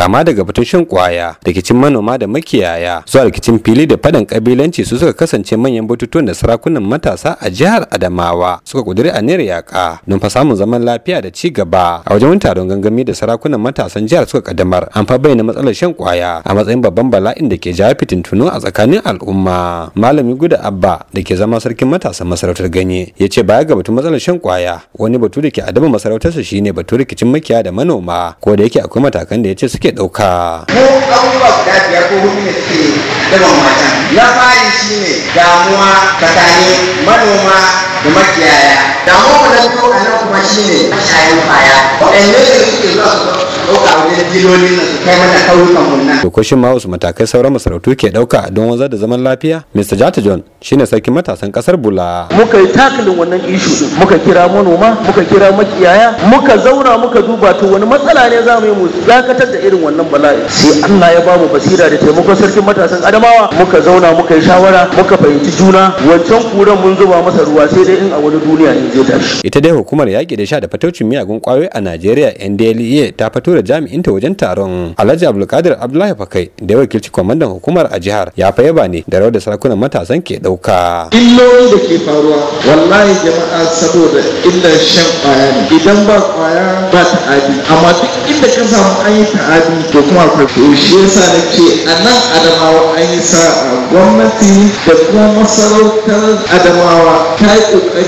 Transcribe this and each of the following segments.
kama daga batun shan kwaya rikicin manoma da makiyaya zuwa rikicin fili da fadan kabilanci su suka kasance manyan batutuwan da sarakunan matasa a jihar adamawa suka kudiri aniyar yaka don fa samun zaman lafiya da ci gaba a wajen wani taron gangami da sarakunan matasan jihar suka kaddamar an fa bayyana matsalar shan kwaya a matsayin babban bala'in da ke jawo fitintunu a tsakanin al'umma malami guda abba da ke zama sarkin matasan masarautar ganye ya ce baya ga batun matsalar shan kwaya wani batu da ke adaba masarautarsa shine batu rikicin makiya da manoma ko da yake akwai matakan da ya ce suke suke ɗauka. Mu abubuwa guda biyar ko hudu ne suke daban matan. Na fari shi ne damuwa tsakanin manoma da makiyaya. Damuwa da a nan kuma shi ne shayin kwaya. Waɗanne ne suke zuwa su ɗauka wajen filolin nan su kai mana ƙauyukan nan. wasu matakai sauran masarautu ke ɗauka don wanzar da zaman lafiya? Mr. Jata John shine sarkin matasan ƙasar Bula. Muka yi takalin wannan ishu muka kira manoma, muka kira makiyaya, muka zauna muka duba to wani matsala ne za mu yi mu dakatar da irin wannan bala'i. Sai Allah ya bamu basira da taimakon sarkin matasan Adamawa, muka zauna muka yi shawara, muka fahimci juna, wancan kuran mun zuba masa ruwa sai dai in a wani duniya in je tashi. Ita dai hukumar yaƙi da sha da fataucin miyagun ƙwayoyi a Najeriya NDLEA ta fato tura jami'inta wajen taron alhaji abdulkadir abdullahi fakai da ya wakilci kwamandan hukumar a jihar ya fa yaba ne da rawar da sarakunan matasan ke ɗauka. illoli da ke faruwa wallahi jama'a saboda illar shan kwaya ne idan ba kwaya ba ta'adi amma duk inda ka samu an yi ta'adi to kuma akwai to shi yasa na ce a nan adamawa an yi sa'a gwamnati da kuma masarautar adamawa ta yi kokari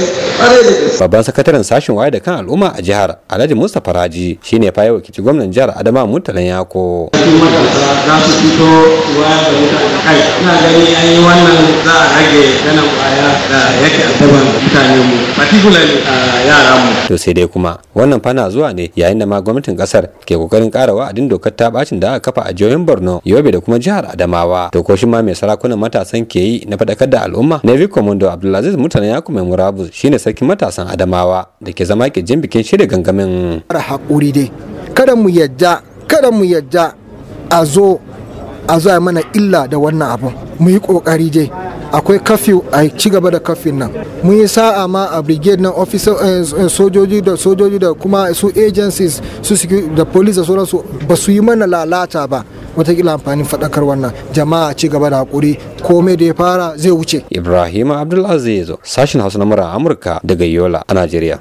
Babban sakataren sashen wayar da kan al'umma a jihar Alhaji Mustapha Raji shine fa yau kici gwamnan jihar Adama Murtalan Yako. Cikin za wannan to sai dai kuma wannan fana zuwa ne yayin da ma gwamnatin kasar ke kokarin ƙara wa'adin dokar ta bacin da aka kafa a jihohin Borno Yobe da kuma jihar Adamawa to ko shi ma mai sarakunan matasan ke yi na fadakar da al'umma na Navy Commando Abdulaziz Mutane ya kuma Murabus shine sarkin matasan Adamawa da ke zama ke jin bikin shirya gangamin hakuri dai kada mu yadda kada mu yadda a zo a mana illa da wannan abun mu yi kokari dai akwai kafin a ci gaba da kafin nan mun yi sa'a ma a brigade nan eh, eh, sojoji da sojoji da kuma su agencies su da police da sauransu ba su yi mana lalata ba wata watakila amfanin faɗakar wannan jama'a ci gaba da hakuri komai da ya fara zai wuce ibrahim abdulaziz sashin hausa na mara amurka daga yola a najeriya